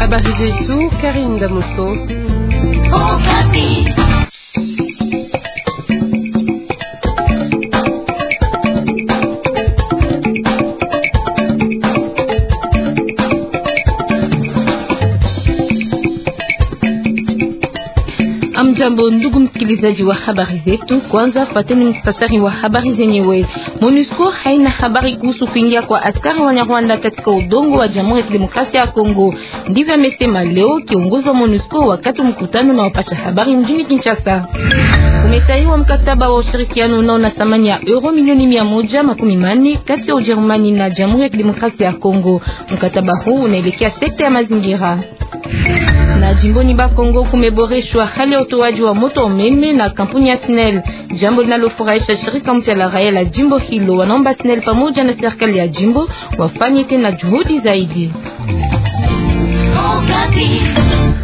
Habari zetu Karim Damoso. Okapi. Amjambo ndugu msikilizaji wa habari zetu. Kwanza fateni msasari wa habari zenyewe. MONUSCO haina habari kuhusu kuingia kwa askari Nyarwanda katika udongo wa Jamhuri ya Kidemokrasia ya Kongo. Ndivyo amesema leo kiongozi wa MONUSCO wakati mkutano na wapasha habari mjini Kinshasa. Umetaiwa mkataba wa ushirikiano na thamani ya euro milioni mia moja makumi manne kati ya Ujerumani na Jamhuri ya Kidemokrasia ya Kongo. Mkataba huu unaelekea sekta ya mazingira. Na jimboni Bakongo kumeboreshwa hali ya utoaji wa moto umeme na kampuni ya TNEL, jambo linalofurahisha shirika mpya la raia la jimbo hilo. Wanaomba snel pamoja na serikali ya jimbo wafanye tena juhudi zaidi. Oh,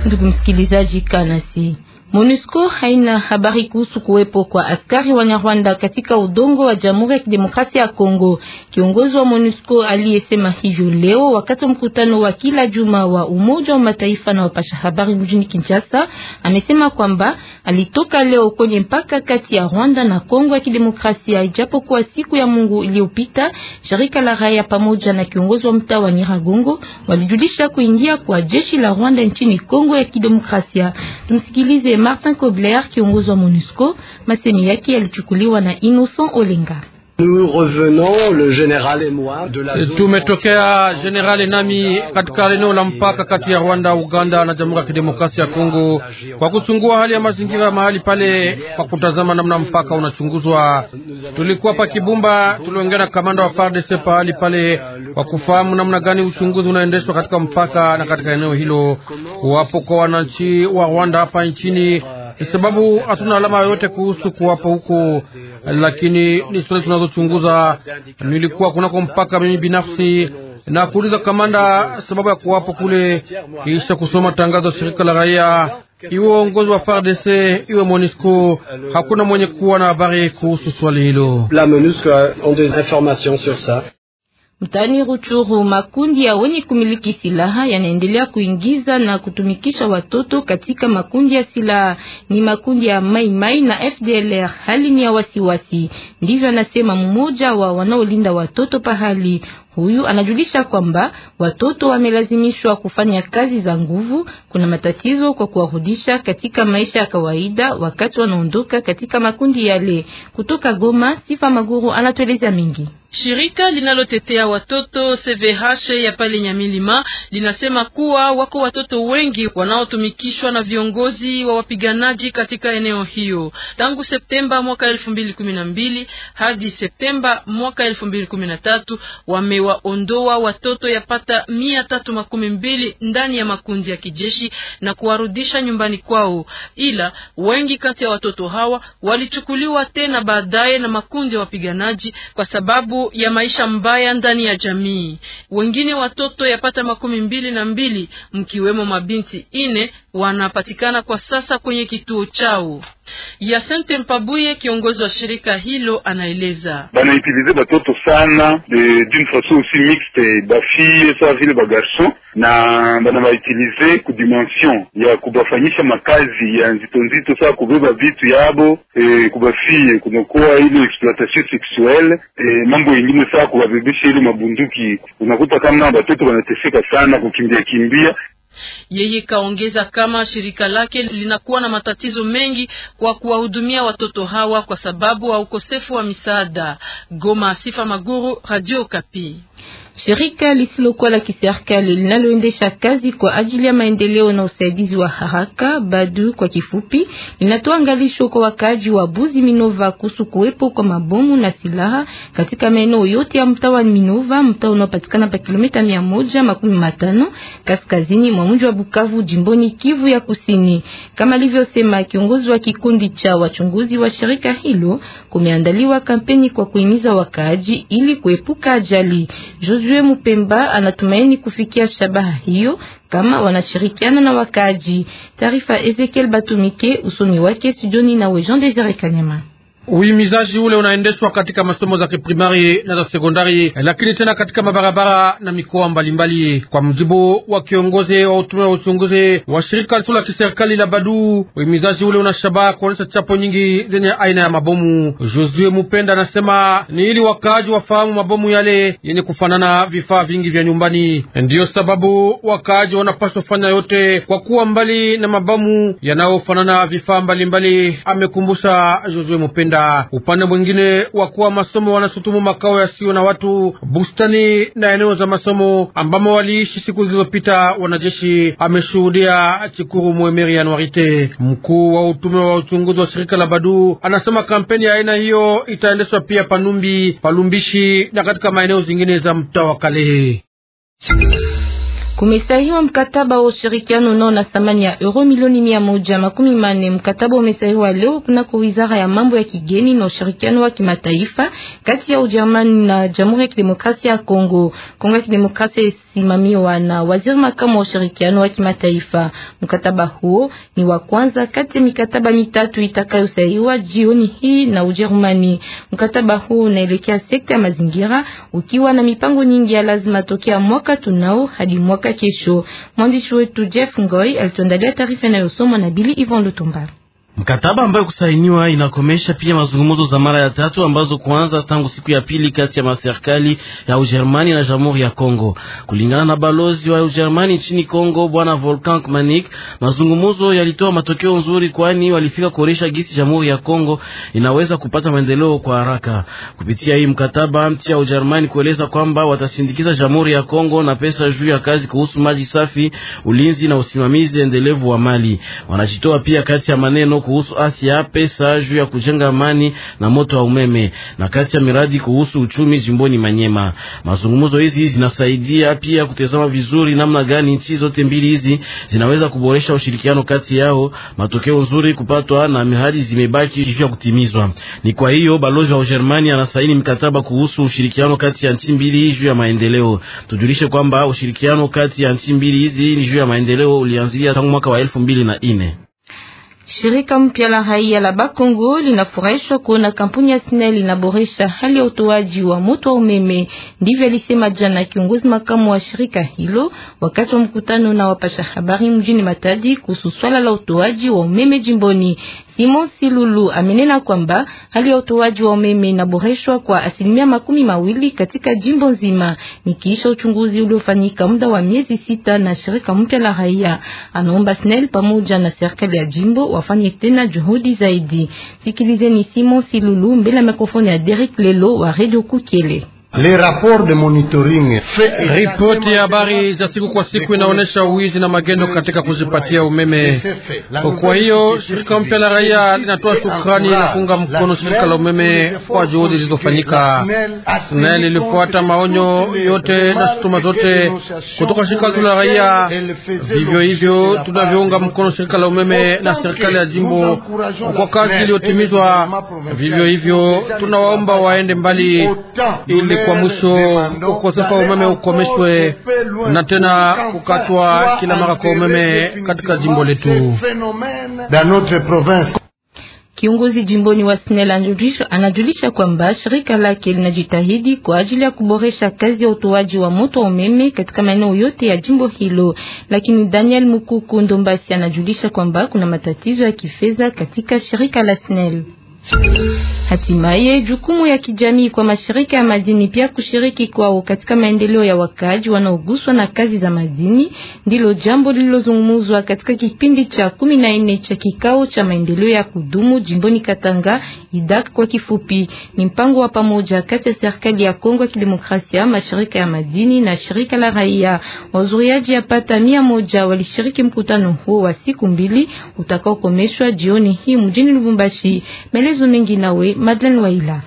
Ndugu msikilizaji, kanasi MONUSCO haina habari kuhusu kuwepo kwa askari wa Wanyarwanda katika udongo wa Jamhuri ya Kidemokrasia ya Kongo. Kiongozi wa MONUSCO aliyesema hivyo leo wakati mkutano wa kila juma wa Umoja wa Mataifa na wapasha habari mjini Kinshasa, amesema kwamba alitoka leo kwenye mpaka kati ya Rwanda na Kongo ya Kidemokrasia, ijapo kwa siku ya Mungu iliyopita shirika la raia pamoja na kiongozi wa mtaa wa Nyiragongo walijulisha kuingia kwa jeshi la Rwanda nchini Kongo ya Kidemokrasia. Tumsikilize Martin Kobler, kiongozi wa MONUSCO. Masemi yake yalichukuliwa na Innocent Olenga. Tumetokea general nami katika eneo la mpaka kati ya Rwanda, Uganda na Jamhuri ya Kidemokrasia ya Kongo kwa kuchungua hali ya mazingira mahali pale, kwa kutazama namna mpaka unachunguzwa. Tulikuwa pa euh, Kibumba, tuliongea na kamanda wa FARDC pahali pale euh, kwa kufahamu namna gani uchunguzi unaendeshwa katika mpaka na katika eneo hilo. Wapo kwa wananchi wa Rwanda hapa nchini, sababu hatuna alama yoyote kuhusu kuwapo huko lakini ni swali tunazochunguza. Nilikuwa kunako mpaka mimi binafsi na kuuliza kamanda sababu ya kuwapo kule, kisha kusoma tangazo shirika la raia iwe uongozi wa FARDC iwe MONUSCO, hakuna mwenye kuwa na habari kuhusu swali hilo mtani Ruchuru, makundi ya wenye kumiliki silaha yanaendelea kuingiza na kutumikisha watoto katika makundi ya silaha. Ni makundi ya Maimai na FDLR. Hali ni ya wasiwasi, ndivyo anasema mmoja wa wanaolinda watoto pahali. Huyu anajulisha kwamba watoto wamelazimishwa kufanya kazi za nguvu. Kuna matatizo kwa kuwarudisha katika maisha ya kawaida wakati wanaondoka katika makundi yale. Kutoka Goma, Sifa Maguru anatueleza mingi. Shirika linalotetea watoto CVH ya pale Nyamilima linasema kuwa wako watoto wengi wanaotumikishwa na viongozi wa wapiganaji katika eneo hiyo tangu Septemba mwaka 2012 hadi Septemba mwaka 2013 wame waliwaondoa watoto yapata mia tatu makumi mbili ndani ya makundi ya kijeshi na kuwarudisha nyumbani kwao, ila wengi kati ya watoto hawa walichukuliwa tena baadaye na makundi ya wapiganaji kwa sababu ya maisha mbaya ndani ya jamii. Wengine watoto yapata makumi mbili na mbili mkiwemo mabinti ine wanapatikana kwa sasa kwenye kituo chao. Yasente Mpabuye, kiongozi wa shirika hilo, anaeleza banaitilize batoto sana d'une façon aussi mixte bafie sawa vile bagarso na bana kudimension ya kubafanyisha makazi ya nzito nzito sawa kubeba vitu yabo e, kubafie kunakuwa ile exploitation sexuelle e, mambo yengine sawa kubabebesha ile mabunduki. Unakuta kama batoto banateseka sana kukimbia kimbia yeye kaongeza kama shirika lake linakuwa na matatizo mengi kwa kuwahudumia watoto hawa kwa sababu wa ukosefu wa misaada. Goma, Sifa Maguru, Radio Kapi. Shirika lisilokuwa la kiserikali linaloendesha kazi kwa ajili ya maendeleo na usaidizi wa haraka Badu kwa kifupi, linatoa angalisho kwa wakaaji wa Buzi Minova kuhusu kuwepo kwa mabomu na silaha katika maeneo yote ya mtaa wa Minova, mtaa unaopatikana pa kilomita mia moja makumi matano kaskazini mwa mji wa Bukavu, jimboni Kivu ya Kusini. Kama alivyosema kiongozi wa kikundi cha wachunguzi wa shirika hilo, kumeandaliwa kampeni kwa kuhimiza wakaaji ili kuepuka ajali Jozu Josue Mupemba anatumaini kufikia shabaha hiyo kama wanashirikiana na wakaaji. Taarifa Ezekiel Batumike, usomi wake studioni na Jean Desire Kanyama. Uhimizaji ule unaendeshwa katika masomo za kiprimari na za sekondari, lakini tena katika mabarabara na mikoa mbalimbali Kwa mjibu wa kiongozi wa utume wa uchunguzi wa shirika lisilo la kiserikali la Badu, uhimizaji ule una shabaha kuonyesha chapo nyingi zenye aina ya mabomu. Josue Mupenda anasema ni ili wakaaji wafahamu mabomu yale yenye kufanana vifaa vingi vya nyumbani, ndiyo sababu wakaaji wanapaswa fanya yote kwa kuwa mbali na mabomu yanayofanana vifaa mbalimbali, amekumbusha Josue Mupenda kawaida. Upande mwingine, wa kuwa masomo wanashutumu makao yasiyo na watu, bustani na eneo za masomo ambamo waliishi siku zilizopita wanajeshi, ameshuhudia Chikuru Mwemeri Yanuarite, mkuu wa utume wa uchunguzi wa shirika la Badu. Anasema kampeni ya aina hiyo itaendeshwa pia Panumbi, Palumbishi na katika maeneo zingine za mtaa wa Kalehe. Kumesahiwa mkataba wa ushirikiano nao na thamani ya euro milioni mia moja makumi manne. Mkataba umesahiwa leo kunako wizara ya mambo ya kigeni na ushirikiano wa kimataifa kati ya Ujerumani na Jamhuri ya Kidemokrasia ya Kongo. Kongo ya Kidemokrasia kusimamiwa na waziri makamu wa ushirikiano wa kimataifa. Mkataba huo ni wa kwanza kati ya mikataba mitatu itakayosainiwa jioni hii na Ujerumani. Mkataba huo unaelekea sekta ya mazingira ukiwa na mipango nyingi ya lazima tokea mwaka tunao hadi mwaka kesho. Mwandishi wetu Jeff Ngoy alituandalia taarifa inayosomwa na Billy Ivan Lutumba. Mkataba ambayo kusainiwa inakomesha pia mazungumzo za mara ya tatu ambazo kuanza tangu siku ya pili kati ya maserikali ya Ujerumani na Jamhuri ya Kongo. Kulingana na balozi wa Ujerumani nchini Kongo, Bwana Volkan Kmanik, mazungumzo yalitoa matokeo nzuri, kwani walifika kuonesha gisi Jamhuri ya Kongo inaweza kupata maendeleo kwa haraka kupitia hii mkataba mpya wa Ujerumani, kueleza kwamba watasindikiza Jamhuri ya Kongo na pesa juu ya kazi kuhusu maji safi, ulinzi na usimamizi endelevu wa mali. Wanajitoa pia kati ya maneno kuhusu afya, pesa juu ya kujenga amani na moto wa umeme, na kati ya miradi kuhusu uchumi jimboni Manyema. Mazungumzo hizi zinasaidia pia kutazama vizuri namna gani nchi zote mbili hizi zinaweza kuboresha ushirikiano kati yao, matokeo nzuri kupatwa na miradi zimebaki juu ya kutimizwa. Ni kwa hiyo balozi wa Ujerumani anasaini mkataba kuhusu ushirikiano kati ya nchi mbili juu ya maendeleo. Tujulishe kwamba ushirikiano kati ya nchi mbili hizi ni juu ya maendeleo ulianzia tangu mwaka wa elfu mbili na Shirika mpya la raia la Bakongo linafurahishwa kuona kampuni ya SNEL inaboresha hali ya utoaji wa moto wa umeme. Ndivyo alisema jana kiongozi makamu wa shirika hilo wakati wa mkutano na wapasha habari mjini Matadi kuhusu swala la utoaji wa umeme jimboni. Imosi Lulu amenena kwamba hali ya utoaji wa umeme inaboreshwa kwa asilimia makumi mawili katika jimbo nzima, nikiisha uchunguzi uliofanyika muda wa miezi sita na shirika mpya la raia. Anaomba SNEL pamoja na serikali ya jimbo wafanye tena juhudi zaidi. Sikilizeni Simon Silulu mbele ya mikrofoni ya Derek Lelo wa Radio Kukiele. Ripoti ya habari za siku kwa siku inaonyesha uwizi na magendo katika kuzipatia umeme. Kwa hiyo shirika mpya la raia linatoa shukrani na kuunga mkono shirika la umeme kwa juhudi zilizofanyika. SNEL ilifuata maonyo yote na shutuma zote kutoka shirika la raia. Vivyo hivyo tunavyounga mkono shirika la umeme na serikali ya jimbo kwa kazi iliyotimizwa, vivyo hivyo tunawaomba waende mbali ili kwa mwisho, ukosefu wa umeme ukomeshwe na tena kukatwa kila mara kwa umeme katika jimbo letu. Kiongozi jimboni wa SNEL anajulisha kwamba shirika lake linajitahidi kwa ajili ya kuboresha kazi ya utoaji wa moto umeme katika maeneo yote ya jimbo hilo, lakini Daniel Mukuku Ndombasi anajulisha kwamba kuna matatizo ya kifedha katika shirika la SNEL. Hatimaye jukumu ya kijamii kwa mashirika ya madini pia kushiriki kwao katika maendeleo ya wakaaji wanaoguswa na kazi za madini ndilo jambo lililozungumzwa katika kipindi cha 14 cha kikao cha maendeleo ya kudumu jimboni Katanga, IDAK kwa kifupi. Ni mpango wa pamoja kati ya serikali ya Kongo ya Kidemokrasia, mashirika ya madini na shirika la raia. Wazuriaji yapata mia moja walishiriki mkutano huo wa siku mbili utakaokomeshwa jioni hii mjini Lubumbashi. Melezo Maelezo mengi nawe Madeleine Waila.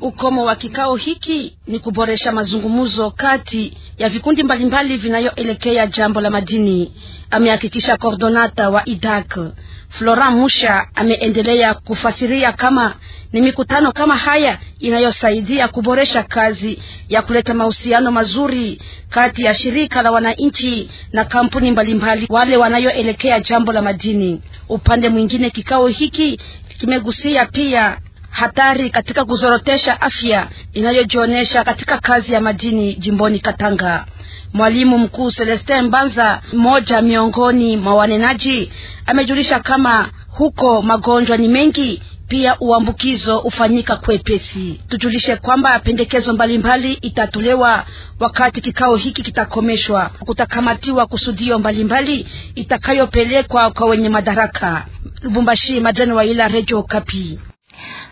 Ukomo wa kikao hiki ni kuboresha mazungumzo kati ya vikundi mbalimbali vinayoelekea jambo la madini, amehakikisha kordonata wa IDAC Flora Musha. Ameendelea kufasiria kama ni mikutano kama haya inayosaidia kuboresha kazi ya kuleta mahusiano mazuri kati ya shirika la wananchi na kampuni mbalimbali wale wanayoelekea jambo la madini. Upande mwingine, kikao hiki kimegusia pia hatari katika kuzorotesha afya inayojionyesha katika kazi ya madini jimboni Katanga. Mwalimu mkuu Celestin Mbanza, mmoja miongoni mwa wanenaji, amejulisha kama huko magonjwa ni mengi pia uambukizo ufanyika kwepesi. Tujulishe kwamba pendekezo mbalimbali itatolewa wakati kikao hiki kitakomeshwa. Kutakamatiwa kusudio mbalimbali itakayopelekwa kwa wenye madaraka. Lubumbashi, Madlen wa ila Radio Kapi.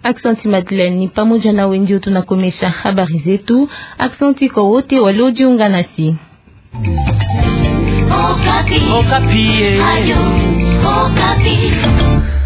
Aksanti Madlen, ni pamoja na wenjio tunakomesha habari zetu. Aksanti kwa wote waliojiunga nasi Okapi. Okapi. Eh. Okapi.